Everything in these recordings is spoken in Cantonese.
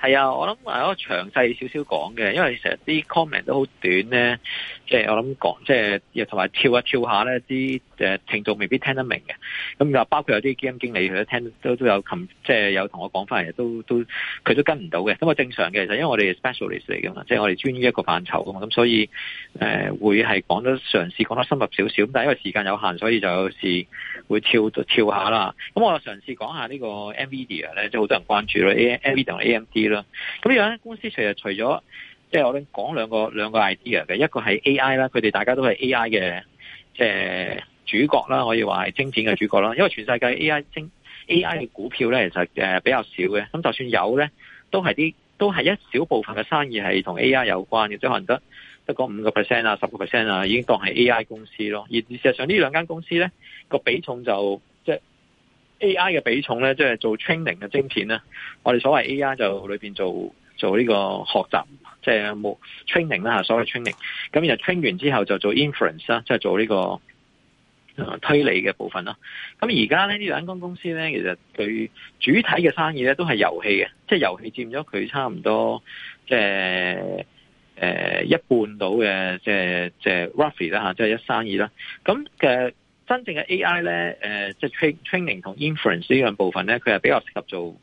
係啊，我諗我詳細少少講嘅，因為成日啲 comment 都好短咧，即係我諗講，即係同埋跳一跳下咧，啲誒聽眾未必聽得明嘅。咁就包括有啲基金經理佢都聽都都有琴，即係有同我講翻，嚟，都都佢都跟唔到嘅。咁啊正常嘅，其實因為我哋 specialist 嚟嘅嘛，即係我哋專於一個範疇嘅嘛，咁所以誒會係講得嘗試講得深入少少。但係因為時間有限，所以就有時會跳跳下啦。咁我嘗試講下呢個 NVIDIA 咧，即係好多人關注啦，A NVIDIA 同 AMD。咁咁樣咧，公司其實除咗即係我哋講兩個兩個 idea 嘅，一個係 AI 啦，佢哋大家都係 AI 嘅即係主角啦，可以話係精剪嘅主角啦。因為全世界 AI 精 AI 嘅股票咧，其實誒比較少嘅，咁就算有咧，都係啲都係一小部分嘅生意係同 AI 有關嘅，即係可能得得個五個 percent 啊，十個 percent 啊，已經當係 AI 公司咯。而事實上呢兩間公司咧個比重就。A.I. 嘅比重咧，即係做 training 嘅晶片咧，我哋所謂 A.I. 就裏邊做做呢個學習，即係冇 training 啦吓，所謂 training。咁又 train 完之後就做 inference 啦，這個，即係做呢個推理嘅部分啦。咁而家咧呢兩間公司咧，其實佢主體嘅生意咧都係遊戲嘅，即係遊戲佔咗佢差唔多即係誒一半到嘅，即係即係 roughly 啦吓，即係一生意啦。咁嘅。真正嘅 AI 呢，誒，即係 training 同 inference 呢兩部分呢，佢係比較適合做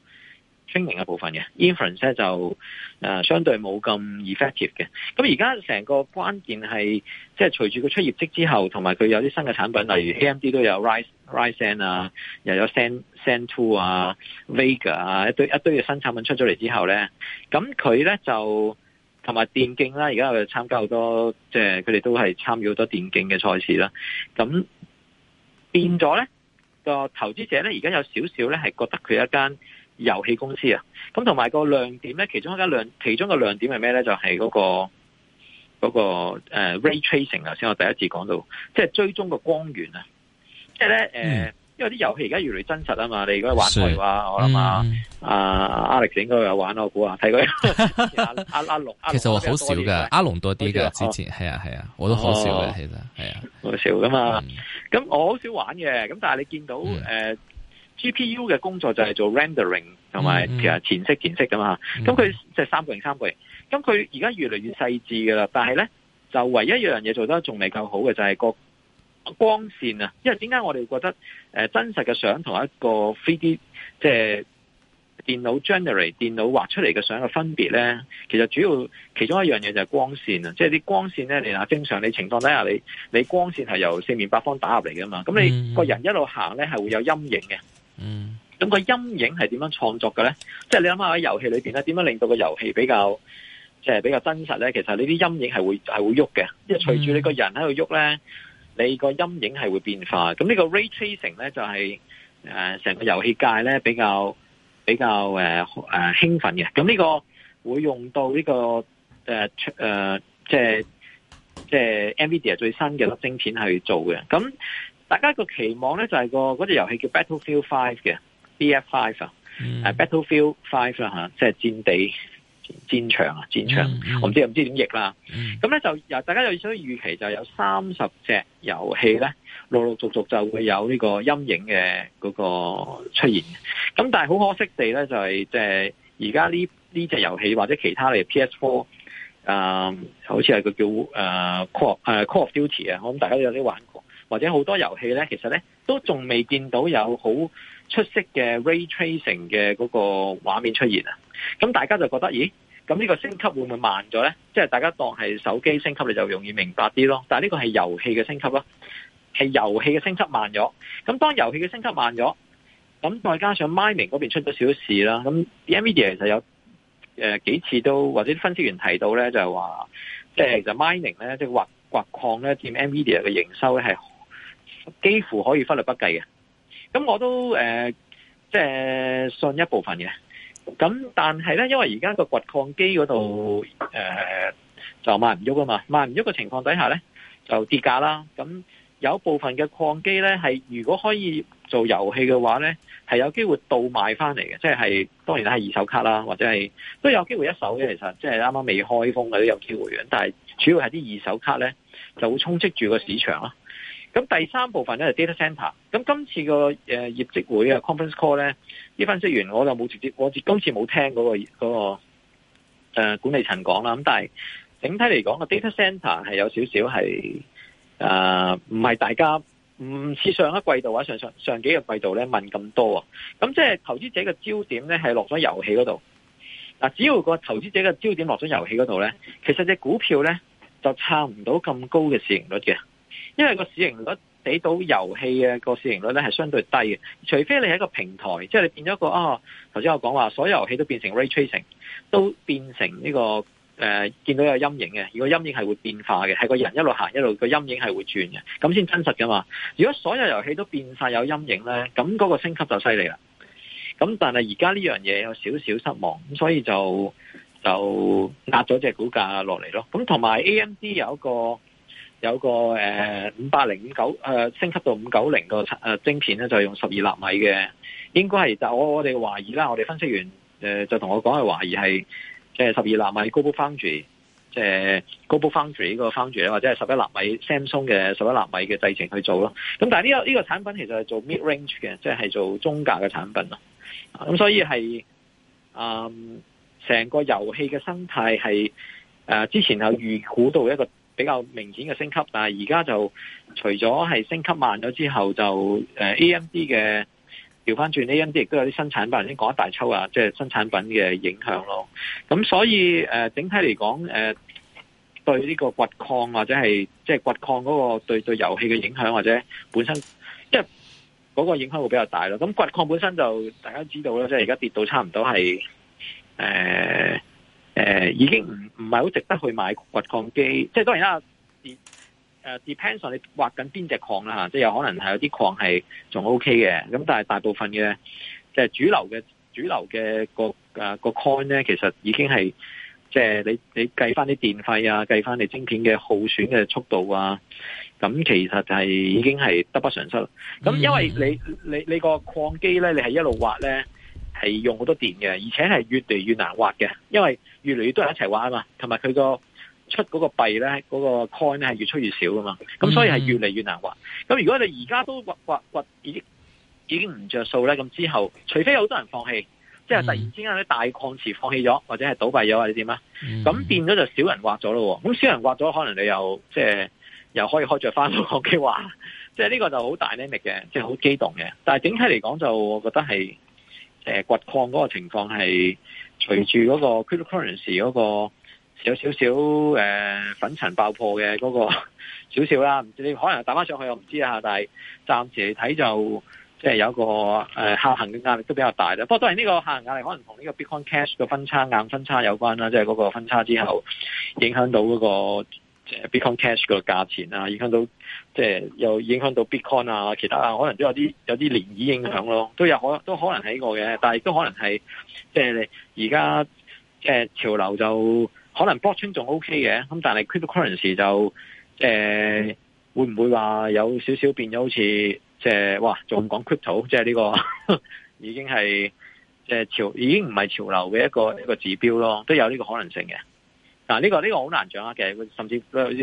training 嘅部分嘅。inference 咧就誒、呃、相對冇咁 effective 嘅。咁而家成個關鍵係，即係隨住佢出業績之後，同埋佢有啲新嘅產品，例如 AMD 都有 Ryzen、Ryzen 啊，又有 Zen、Zen 2啊、Vega 啊,啊,啊,啊,啊,啊,啊，一堆一堆嘅新產品出咗嚟之後呢。咁佢呢，就同埋電競啦，而家佢參加好多，即係佢哋都係參與好多電競嘅賽事啦，咁。嗯、變咗咧個投資者咧，而家有少少咧係覺得佢一間遊戲公司啊，咁同埋個亮點咧，其中一間亮，其中個亮點係咩咧？就係、是、嗰、那個嗰、那個誒、呃、Ray Tracing，頭先我第一次講到，即係追蹤個光源啊，即係咧誒。呃嗯因為啲遊戲而家越嚟真實啊嘛，你如果玩《佢話》嗯、我諗啊,啊 Alex 應該有玩我估啊，睇佢阿阿阿龍,阿龍多，其實我好少噶，阿龍多啲噶，之前係、嗯、啊係啊，我都好少嘅，其實係啊，好少噶嘛，咁、嗯嗯、我好少玩嘅，咁但係你見到誒、呃、，GPU 嘅工作就係做 rendering 同埋其實前色前色噶嘛，咁佢即係三角形三角形，咁佢而家越嚟越細致噶啦，但係咧就唯一一樣嘢做得仲未夠好嘅就係個。光線啊，因為點解我哋覺得誒、呃、真實嘅相同一個 3D 即係電腦 generate、電腦畫出嚟嘅相嘅分別咧，其實主要其中一樣嘢就係光線啊，即係啲光線咧，你嗱，正常情況，你情況底下你你光線係由四面八方打入嚟嘅嘛，咁你個人一路行咧係會有陰影嘅，嗯、那個，咁個陰影係點樣創作嘅咧？即係你諗下喺遊戲裏邊咧，點樣令到個遊戲比較即係、就是、比較真實咧？其實你啲陰影係會係會喐嘅，即係隨住你個人喺度喐咧。你個陰影係會變化，咁呢個 ray tracing 咧就係誒成個遊戲界咧比較比較誒誒、呃啊、興奮嘅。咁呢個會用到呢、這個誒誒、呃呃、即係即係 Nvidia 最新嘅粒晶片去做嘅。咁大家一個期望咧就係、是、個嗰隻、那個、遊戲叫 Battlefield Five 嘅 B F Five 啊、嗯、啊，Battlefield Five 啦吓，即係戰地。戰場啊，戰場，mm -hmm。我唔知唔知點譯啦。咁、mm、咧 -hmm。就由大家有所以預期，就有三十隻遊戲咧，陸陸續續就會有呢個陰影嘅嗰個出現。咁但係好可惜地咧，就係即係而家呢呢隻遊戲或者其他嘅 PS4 好似係佢叫誒、呃、Call 誒 Call of Duty 啊，我諗大家都有啲玩過，或者好多遊戲咧，其實咧都仲未見到有好。出色嘅 ray tracing 嘅嗰個畫面出現啊！咁大家就覺得，咦？咁呢個升級會唔會慢咗咧？即係大家當係手機升級，你就容易明白啲咯。但係呢個係遊戲嘅升級咯，係遊戲嘅升級慢咗。咁當遊戲嘅升級慢咗，咁再加上 mining 嗰邊出咗少少事啦。咁 NVIDIA 其實有誒、呃、幾次都或者分析員提到咧，就係話，即係其實、mining 咧即係挖挖礦咧佔 NVIDIA 嘅營收咧係幾乎可以忽略不計嘅。咁我都誒，即、呃、係、就是、信一部分嘅。咁但係咧，因為而家個掘礦機嗰度誒就賣唔喐啊嘛，賣唔喐嘅情況底下咧，就跌價啦。咁有部分嘅礦機咧，係如果可以做遊戲嘅話咧，係有機會倒賣翻嚟嘅。即係當然係二手卡啦，或者係都有機會一手嘅。其實即係啱啱未開封嗰啲有機會嘅。但係主要係啲二手卡咧，就會充斥住個市場咯。咁第三部分咧係 data center。咁今次個誒、呃、業績會啊 conference call 咧，啲分析員我就冇直接，我今次冇聽嗰、那個嗰、那個誒、呃、管理層講啦。咁但係整體嚟講個 data center 係有少少係誒唔係大家唔似上一季度啊上上上幾個季度咧問咁多。咁即係投資者嘅焦點咧係落咗遊戲嗰度。嗱，只要個投資者嘅焦點落咗遊戲嗰度咧，其實隻股票咧就撐唔到咁高嘅市盈率嘅。因為個市盈率睇到遊戲嘅個市盈率咧係相對低嘅，除非你喺一個平台，即係你變咗個啊。哦、頭先我講話，所有遊戲都變成 ray tracing，都變成呢個、誒、呃、見到有陰影嘅。如果陰影係會變化嘅，係個人一路行一路個陰影係會轉嘅，咁先真實㗎嘛。如果所有遊戲都變晒有陰影咧，咁嗰個升級就犀利啦。咁但係而家呢樣嘢有少少失望，咁所以就就壓咗隻股價落嚟咯。咁同埋 AMD 有一個。有個誒五八零五九誒升級到五九零個誒晶片咧，就用十二納米嘅，應該係就我我哋懷疑啦。我哋分析員誒就同我講係懷疑係即係十二納米 Global Foundry 即係 Global Foundry 呢個 Foundry 或者係十一納米 Samsung 嘅十一納米嘅製程去做咯、這個。咁但係呢個呢個產品其實係做 mid range 嘅，即、就、係、是、做中價嘅產品咯。咁所以係啊，成、嗯、個遊戲嘅生態係誒之前有預估到一個。比較明顯嘅升級，但係而家就除咗係升級慢咗之後，就誒 AMD 嘅調翻轉，AMD 亦都有啲新產品，先講一大抽啊，即係新產品嘅影響咯。咁所以誒、呃、整體嚟講，誒、呃、對呢個掘礦或者係即係掘礦嗰個對對遊戲嘅影響或者本身，即係嗰個影響會比較大咯。咁掘礦本身就大家知道啦，即係而家跌到差唔多係誒。呃誒、呃，已經唔唔係好值得去買掘礦機，即係當然啦，誒 De,、uh,，depends on 你挖緊邊隻礦啦吓，即係有可能係有啲礦係仲 O K 嘅，咁但係大部分嘅即係主流嘅主流嘅個誒、啊、個 coin 咧，其實已經係即係你你計翻啲電費啊，計翻你晶片嘅耗損嘅速度啊，咁其實係、就係、已經係得不償失。咁、嗯、因為你你你個礦機咧，你係一路挖咧，係用好多電嘅，而且係越嚟越難挖嘅，因為越嚟越多人一齊挖啊嘛，同埋佢個出嗰個幣咧，嗰、嗰個 coin 咧係越出越少噶嘛，咁所以係越嚟越難挖。咁、mm -hmm. 如果你而家都挖挖挖，已已經唔著數咧，咁之後除非好多人放棄，即係突然之間啲大礦池放棄咗，或者係倒閉咗或者點啊，咁變咗就少人挖咗咯。咁少人挖咗，可能你又即係又可以開着翻嗰機話，mm -hmm. 即係呢個就好大 energy 嘅，即係好激動嘅。但係整體嚟講，就我覺得係。誒掘礦嗰個情況係隨住嗰個 cryptocurrency 嗰個有少少誒粉塵爆破嘅嗰個少少啦，唔知你可能打返上去我唔知啊，但係暫時嚟睇就即係有一個誒下行嘅壓力都比較大啦。不過當然呢個下行壓力可能同呢個 Bitcoin Cash 嘅分叉硬分叉有關啦，即係嗰個分叉之後影響到嗰個。Bitcoin Cash 嘅價錢啊，影響到即係又影響到 Bitcoin 啊，其他啊，可能都有啲有啲漣漪影響咯，都有可都可能係呢個嘅，但係都可能係即係而家即係潮流就可能 blockchain 仲 OK 嘅，咁但係 cryptocurrency 就誒、呃、會唔會話有少少變咗好似即係哇仲講 crypto，即係、這、呢個呵呵已經係即係潮已經唔係潮流嘅一個一個指標咯，都有呢個可能性嘅。嗱、這個，呢、這個呢個好難掌握嘅，甚至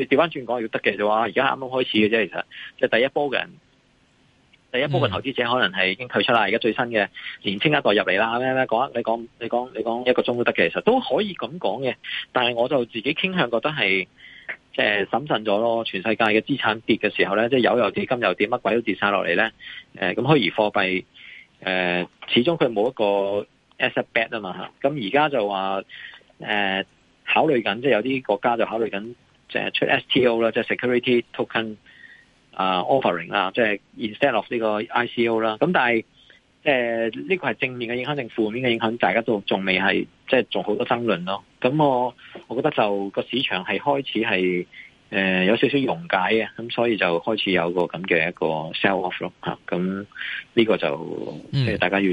掉翻轉講要得嘅就話，而家啱啱開始嘅啫，其實即係第一波嘅，第一波嘅投資者可能係已經退出啦。而家最新嘅年輕一代入嚟啦，咁樣咧講，你講你講你講一個鐘都得嘅，其實都可以咁講嘅。但係我就自己傾向覺得係即係審慎咗咯。全世界嘅資產跌嘅時候咧，即係油又跌，金又跌，乜鬼都跌晒落嚟咧。誒、呃，咁虛擬貨幣誒，始終佢冇一個 asset bet 啊嘛嚇。咁而家就話誒。呃考慮緊即係有啲國家就考慮緊即係出 S T O 啦，即係 security token 啊 offering 啦，即係 instead of 呢個 I C O 啦。咁但係誒呢個係正面嘅影響定負面嘅影響，大家都仲未係即係仲好多爭論咯。咁我我覺得就個市場係開始係誒、呃、有少少溶解啊，咁所以就開始有個咁嘅一個 sell off 咯、啊。吓，咁呢個就即係大家要。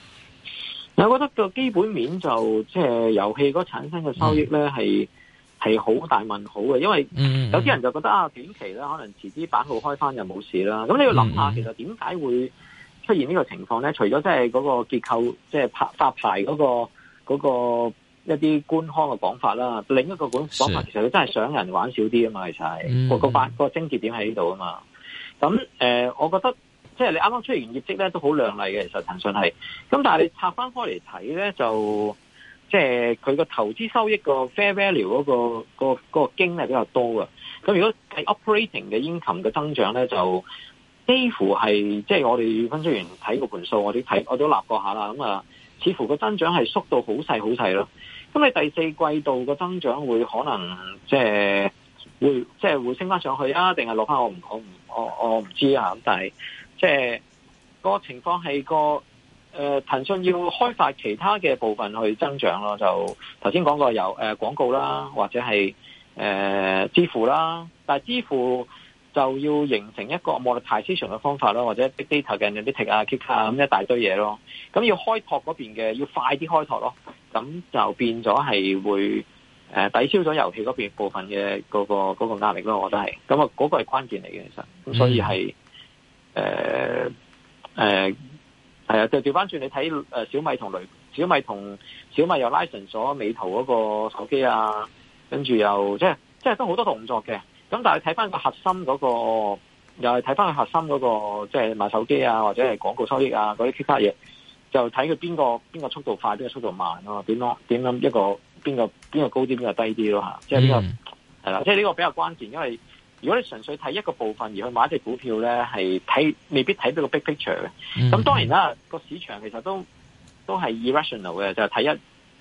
我覺得個基本面就即係遊戲嗰產生嘅收益咧，係係好大問號嘅，因為有啲人就覺得、mm -hmm. 啊，短期咧可能遲啲版號開翻就冇事啦。咁你要諗下，其實點解會出現呢個情況咧？Mm -hmm. 除咗即係嗰個結構，即係發牌嗰個嗰、嗰個一啲官腔嘅講法啦，另一個管講法，其實佢真係想人玩少啲啊嘛，其實係個個八個爭議點喺呢度啊嘛。咁誒、呃，我覺得。即係你啱啱出完業績咧，都好靚麗嘅。其實騰訊係，咁但係你拆翻開嚟睇咧，就即係佢個投資收益個 fair value 嗰個、嗰個、嗰個、經係比較多嘅。咁如果喺 operating 嘅 income 嘅增長咧，就幾乎係即係我哋分析完睇個盤數，我哋睇我都立過下啦。咁啊，似乎個增長係縮到好細好細咯。咁你第四季度個增長會可能即係會即係會升翻上去啊？定係落翻我唔我唔我我唔知啊！咁但即係、那個情況係個誒，騰、呃、訊要開發其他嘅部分去增長咯。就頭先講過有誒廣、呃、告啦，或者係誒、呃、支付啦。但係支付就要形成一個 more taxation 嘅方法咯，或者 big data 嘅 analytics 啊、kick 啊咁一大堆嘢咯。咁要開拓嗰邊嘅，要快啲開拓咯。咁就變咗係會誒、呃、抵消咗遊戲嗰邊部分嘅嗰、嗰個嗰、嗰個壓力咯。我覺得係咁啊，嗰個係關鍵嚟嘅，其實，所以係。嗯誒、呃、誒，係、呃、啊！就調翻轉你睇誒，小米同雷，小米同小米又 license 咗美圖嗰個手機啊，跟住又即係即係都好多動作嘅。咁但係睇翻個核心嗰、那個，又係睇翻個核心嗰、那個，即係賣手機啊，或者係廣告收益啊嗰啲其他嘢，就睇佢邊個邊個速度快，邊個速度慢啊嘛，點樣點樣一個邊個邊個高啲，邊個低啲咯吓？即係呢個係啦、嗯，即係呢個比較關鍵，因為。如果你純粹睇一個部分而去買一隻股票咧，係睇未必睇到個 big picture 嘅。咁、mm -hmm. 當然啦，個市場其實都都係 irrational 嘅，就係、是、睇一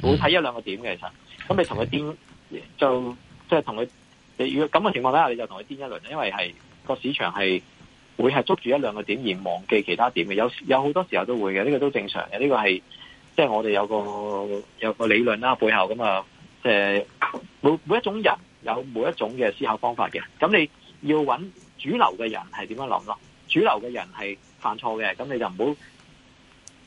會睇一兩個點嘅其實。咁你同佢癲就即係同佢，如果咁嘅情況底下，你，、這個、下你就同佢癲一輪，因為係個市場係會係捉住一兩個點而忘記其他點嘅。有有好多時候都會嘅，呢、這個都正常嘅。呢、這個係即係我哋有個有個理論啦，背後噉啊，即、呃、係每每一種人。有每一種嘅思考方法嘅，咁你要揾主流嘅人係點樣諗咯？主流嘅人係犯錯嘅，咁你就唔好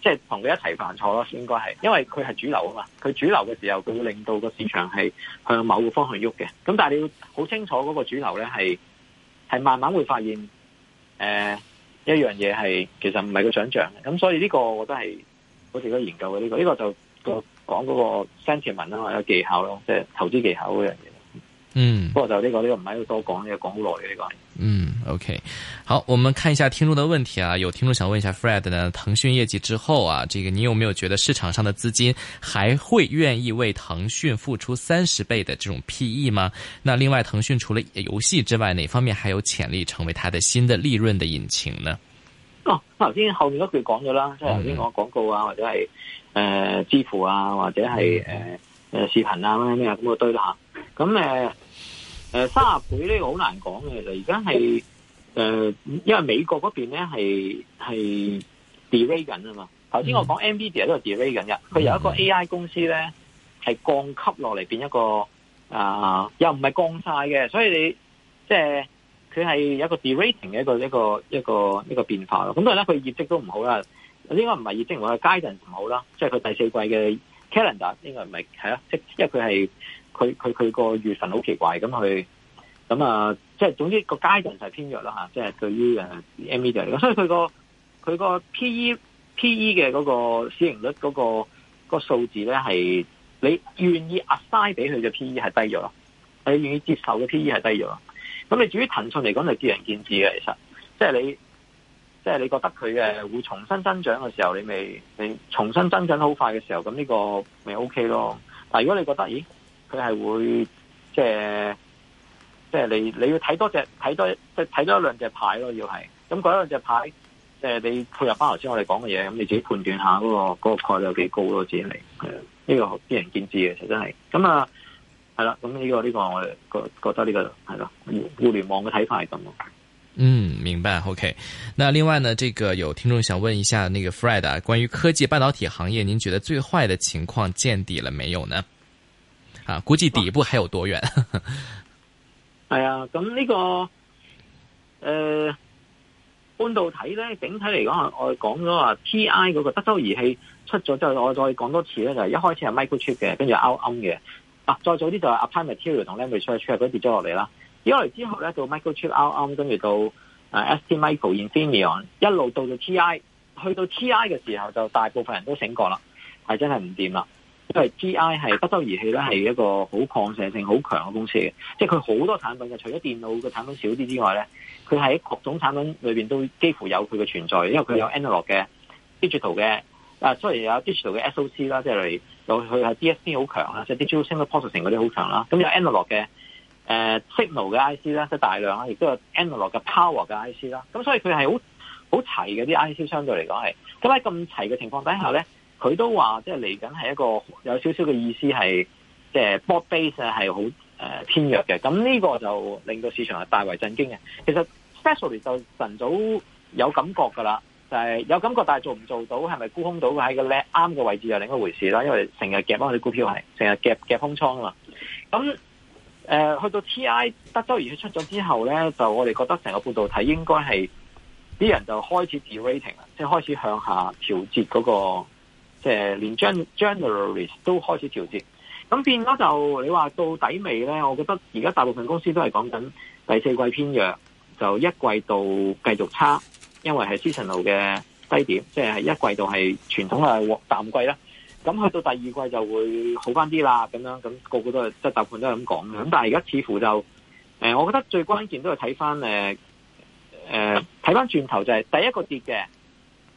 即係同佢一齊犯錯咯，應該係，因為佢係主流啊嘛。佢主流嘅時候，佢會令到個市場係向某個方向喐嘅。咁但係你要好清楚嗰個主流咧，係係慢慢會發現，誒、呃，一樣嘢係其實唔係佢想象嘅。咁所以呢個我覺得係我哋都研究嘅呢、呢個，呢、呢個就、嗰個講個 sentiment 啦，嘛，有技巧咯，即係投資技巧嗰樣嘢。嗯，不過就呢個呢個唔係好多講嘅，講好耐嘅呢個。這個這個、嗯，OK，好，我們看一下聽眾的問題啊。有聽眾想問一下 Fred，呢騰訊業績之後啊，這個你有沒有覺得市場上的資金還會願意為騰訊付出三十倍的這種 P E 嗎？那另外，騰訊除了遊戲之外，哪方面還有潛力成為他的新的利潤的引擎呢？哦、啊，頭先後面嗰句講咗啦，即係頭先講廣告啊，或者係誒、呃、支付啊，或者係誒誒視頻啊咩咩咁嘅堆啦、啊。咁誒。呃誒、呃，三十倍呢個好難講嘅，其實而家係誒，因為美國嗰邊咧係係 delay 緊啊嘛。頭先我講 Nvidia 都係 delay 緊嘅，佢有一個 AI 公司咧係降級落嚟變一個啊、呃，又唔係降晒嘅，所以你即係佢係有一個 delaying 嘅一個一個一個一個變化咯。咁當然啦，佢業績都唔好啦，應該唔係業績，佢係 guidance 唔好啦，即係佢第四季嘅 calendar 應該唔係係啦，即係因為佢係。佢佢佢個月份好奇怪咁佢，咁啊，即係總之個階段就係偏弱啦吓，即、啊、係、就是、對於誒 m w a 嚟講，所以佢個佢個 P E P E 嘅嗰個市盈率嗰、那個、那個數字咧係你願意 assign 俾佢嘅 P E 係低咗喇，你願意接受嘅 P E 係低咗喇。咁你至於騰訊嚟講，就見仁見智嘅。其實即係、就是、你即係、就是、你覺得佢誒會重新增長嘅時候，你咪你重新增長好快嘅時候，咁呢個咪 O K 咯。但係如果你覺得咦？佢係會即係即係你你要睇多隻睇多即係睇多兩隻牌咯，要係咁嗰兩隻牌，即係你配合返頭先我哋講嘅嘢，咁你自己判斷下嗰個個概率幾高咯，自己嚟係呢個見仁見智嘅，真係咁啊，係啦，咁呢個呢個我覺覺得呢個係咯，互互聯網嘅睇法係咁咯。嗯，明白。OK，那另外呢，這個有聽眾想問一下，那個 Fred，關於科技半導體行業，您覺得最壞的情況見底了沒有呢？啊！估計底部還有多遠？係 啊，咁呢、這個誒、呃、半導體咧整體嚟講，我講咗話 T I 嗰個德州儀器出咗之後，就是、我再講多次咧，就係、是、一開始係 Microchip 嘅，跟住 out 嘅、啊，再早啲就係 Applied Materials 同 Lam Research 都跌咗落嚟啦，跌落嚟之後咧到 Microchip out 跟住到誒 ST Micro、Infineon 一路到到 T I，去到 T I 嘅時候就大部分人都醒覺啦，係真係唔掂啦。因為 G I 係德州儀器咧，係一個好放射性好強嘅公司嘅，即係佢好多產品嘅。除咗電腦嘅產品少啲之外咧，佢喺各種產品裏邊都幾乎有佢嘅存在，因為佢有 a n a l o g 嘅 digital 嘅，啊，所以有 digital 嘅 S O C 啦，那些很的的 IC，即係例如有佢係 D S P 好強啦，即係 digital signal processing 嗰啲好強啦。咁有 a n a l o g 嘅誒 signal 嘅 I C 啦，即係大量啦，亦都有 a n a l o g 嘅 power 嘅 I C 啦。咁所以佢係好好齊嘅啲 I C，相對嚟講係。咁喺咁齊嘅情況底下咧。佢都話，即係嚟緊係一個有少少嘅意思係，即係 board base 係好誒偏弱嘅。咁呢個就令到市場係大為震驚嘅。其實 especially 就晨早有感覺噶啦，就係有感覺，但係做唔做到，係咪沽空到喺個叻啱嘅位置又另一回事啦。因為成日夾佢啲股票係，成日夾夾空倉啦。咁、呃、去到 TI 德州儀器出咗之後咧，就我哋覺得成個半導體應該係啲人就開始 derating 啦，即係開始向下調節嗰個。即係連 generalist 都開始調節，咁變咗就你話到底未咧？我覺得而家大部分公司都係講緊第四季偏弱，就一季度繼續差，因為係 seasonal 嘅低點，即係一季度係傳統嘅淡季啦。咁去到第二季就會好翻啲啦，咁樣咁個個都即係大部分都係咁講，咁但係而家似乎就誒，我覺得最關鍵都係睇翻誒誒，睇翻轉頭就係第一個跌嘅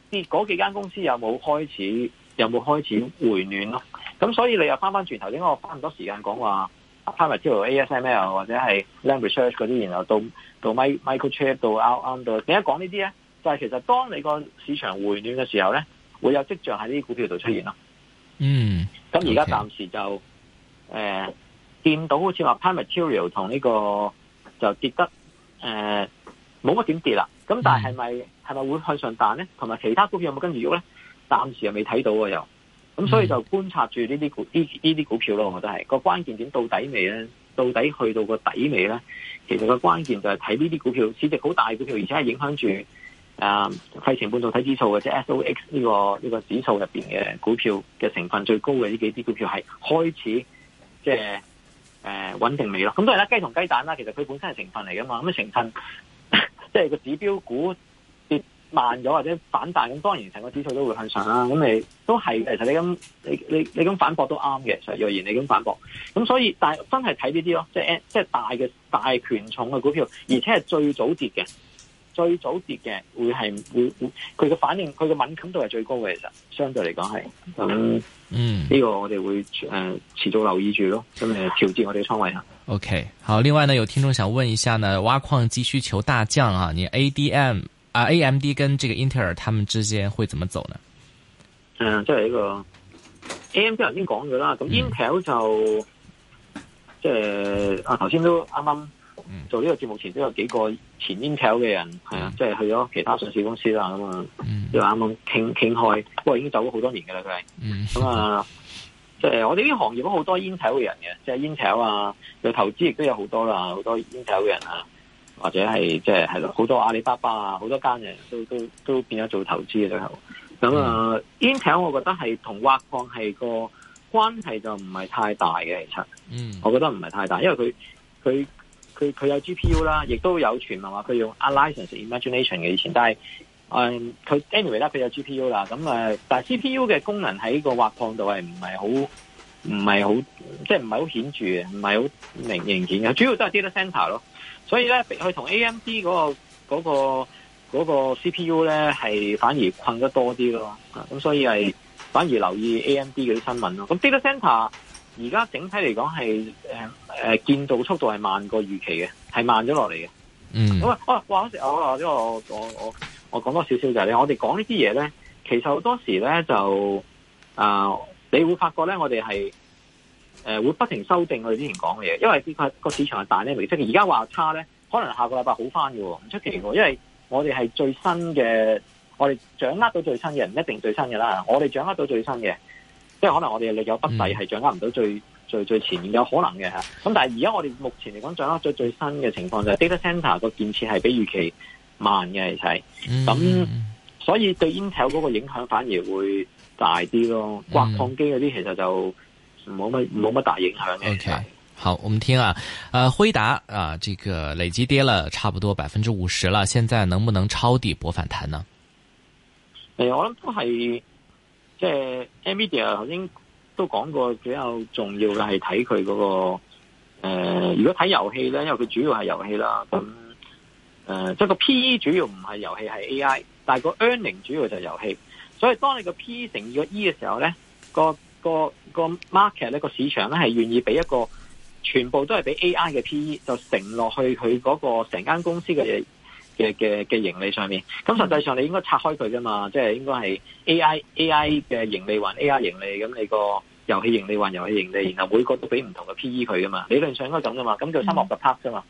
跌嗰幾間公司有冇開始？有冇開始回暖咯？咁所以你又翻翻轉頭，因為我花咁多時間講話，material、ASML 或者係 Lam Research 嗰啲，然後到到 mic Microchip 到 out under 點解講呢啲咧？就係、是、其實當你個市場回暖嘅時候咧，會有跡象喺呢啲股票度出現咯。嗯，咁而家暫時就誒、okay. 呃、見到好似話，material 同呢個就跌得誒冇乜點跌啦。咁但係係咪係咪會向上彈咧？同埋其他股票有冇跟住喐咧？暫時又未睇到啊，又咁所以就觀察住呢啲股呢呢啲股票咯，我覺得係個關鍵點到底未咧？到底去到個底未咧？其實個關鍵就係睇呢啲股票市值好大股票，而且係影響住啊費城半導體指數或者 S O X 呢個呢個指數入邊嘅股票嘅成分最高嘅呢幾支股票係開始即係誒穩定未咯？咁都係啦，雞同雞蛋啦，其實佢本身係成分嚟噶嘛，咁成分即係 個指標股。慢咗或者反彈咁，當然成個指數都會向上啦，啊。咁你都係其實你咁你你你咁反駁都啱嘅，就若然你咁反駁，咁所以但真係睇呢啲咯，即係即係大嘅大權重嘅股票，而且係最早跌嘅，最早跌嘅會係會佢嘅反應，佢嘅敏感度係最高嘅，其實相對嚟講係咁，嗯，呢個我哋會誒、嗯呃、持續留意住咯，咁你調節我哋嘅倉位啊。OK，好，另外呢有聽眾想問一下呢，挖礦機需求大降啊，你 ADM。啊，A M D 跟這個英特爾，他們之間會怎麼走呢？即係呢個 A M D 頭先講咗啦，咁 Intel 就即係、嗯就是、啊，頭先都啱啱做呢個節目前都、嗯、有幾個前 Intel 嘅人係啊，即、嗯、係、就是、去咗其他上市公司啦咁啊，即係啱啱傾傾開，不、嗯、過已經走咗好多年噶啦佢係，咁、嗯嗯嗯嗯、啊，即、就、係、是、我哋呢行業都好多 Intel 嘅人嘅，即係 Intel 啊，又投資亦都有好多啦，好多 Intel 嘅人啊。或者係即係係咯，好、就是、多阿里巴巴啊，好多間人都都都變咗做投資嘅最後咁啊、mm. uh,，Intel 我覺得是跟係係同挖礦係個關係就唔係太大嘅，其實嗯，我覺得唔係太大，因為佢佢佢佢有 GPU 啦，亦都有傳聞話佢用、A、license imagination 嘅以前，但係誒佢 anyway 咧，佢有 GPU 啦，咁誒，但係 CPU 嘅功能喺個挖礦度係唔係好唔係好即係唔係好顯著嘅，唔係好明明顯嘅，主要都係 data center 咯。所以咧、嗰個，佢同 AMD 嗰個嗰個、嗰個、CPU 咧，係反而困得多啲咯。咁所以係反而留意 AMD 嗰啲新聞咯。咁 Data Center 而家整體嚟講，係建造速度係慢過預期嘅，係慢咗落嚟嘅。嗯。喂、啊，哇！我話我呢個我我我講多少少就係咧，我哋講呢啲嘢咧，其實好多時咧就啊、呃，你會發覺咧，我哋係。誒、呃、會不停修正我哋之前講嘅嘢，因為呢個市場係大呢個，即而家話差咧，可能下個禮拜好翻嘅，唔出奇喎。因為我哋係最新嘅，我哋掌握到最新嘅唔一定最新嘅啦。我哋掌握到最新嘅，即係可能我哋力有不逮係掌握唔到最、嗯、最最前面嘅可能嘅，咁但係而家我哋目前嚟講掌握咗最新嘅情況就係 data center 個建設係比預期慢嘅，其實，咁、嗯、所以對 Intel 嗰個影響反而會大啲咯。刮礦機嗰啲其實就。冇乜冇乜大影響嘅。O、okay, K，好，我們聽啊，誒、呃，輝達啊，這個累積跌了差不多百分之五十啦，現在能不能抄底博反彈呢？誒、呃，我諗都係，即、就、係、是、NVIDIA 頭先都講過，比較重要嘅係睇佢嗰個誒、呃，如果睇遊戲咧，因為佢主要係遊戲啦，咁誒，即、呃、係個 PE 主要唔係遊戲係 A I，但係個 earning 主要就係遊戲，所以當你個 P 乘以個 E 嘅時候咧，那個。個個 market 呢個市場咧，係願意俾一個全部都係俾 A.I. 嘅 P.E. 就承落去佢嗰個成間公司嘅嘅嘅嘅盈利上面。咁實際上你應該拆開佢噶嘛，即係應該係 A.I. A.I. 嘅盈利還 A.I. 盈利，咁你個遊戲盈利還遊戲盈利，然後每個都俾唔同嘅 P.E. 佢噶嘛。理論上應該咁噶嘛，咁就三六八 part 噶嘛，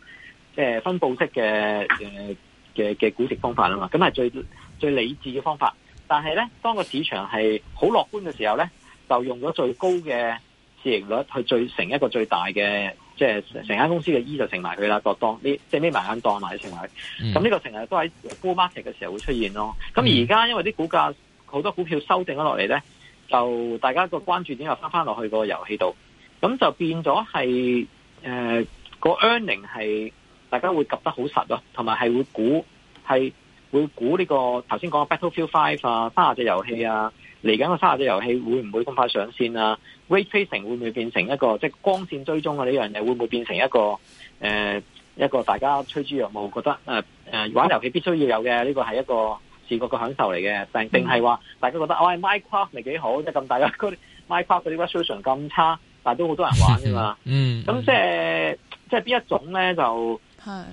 即係分佈式嘅誒嘅嘅估值方法啊嘛。咁係最最理智嘅方法。但係咧，當個市場係好樂觀嘅時候咧。就用咗最高嘅市盈率去最成一個最大嘅，即係成間公司嘅 E 就成埋佢啦，擱當呢，即係眯埋眼當埋成埋佢。咁、嗯、呢個成日都喺高 market 嘅時候會出現咯。咁而家因為啲股價好多股票修正咗落嚟咧，就大家個關注點又翻翻落去個遊戲度，咁就變咗係誒個 earning 係係大家會及得好實咯，同埋係會估係會估呢、呢個頭先講嘅 Battlefield Five 啊、返下隻遊戲啊。嚟緊個卅隻遊戲會唔會咁快上線啊？Ray tracing 會唔會變成一個即係光線追蹤啊，呢樣嘢會唔會變成一個誒、呃、一個大家趨之若鶩覺得誒誒、呃、玩遊戲必須要有嘅呢、這個係一個視覺嘅享受嚟嘅，但定係話大家覺得我係、哦、Minecraft 咪幾好，即係咁大個個 Minecraft 嗰啲 resolution 咁差，但係都好多人玩噶嘛。嗯， 咁即係即係邊一種咧就？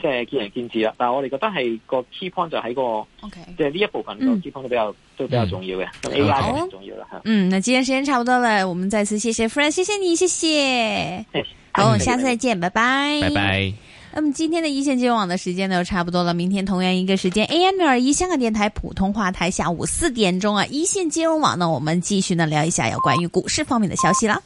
即係、就是、見仁見智啦，但係我哋覺得係個 key point 就喺個，okay、即係呢一部分個 key point 都比較、嗯、都比較重要嘅，咁、mm. AI 就重要啦吓。Okay. 嗯，那今天時間差不多啦，我們再次謝謝 Frank，謝謝你，謝謝， 好，下次再見， 拜拜。拜拜。咁、嗯，今天的一線金融網的時間呢都差不多啦，明天同樣一個時間，AM 二一香港電台普通話台下午四點鐘啊，一線金融網呢，我們繼續呢聊一下有關於股市方面嘅消息啦。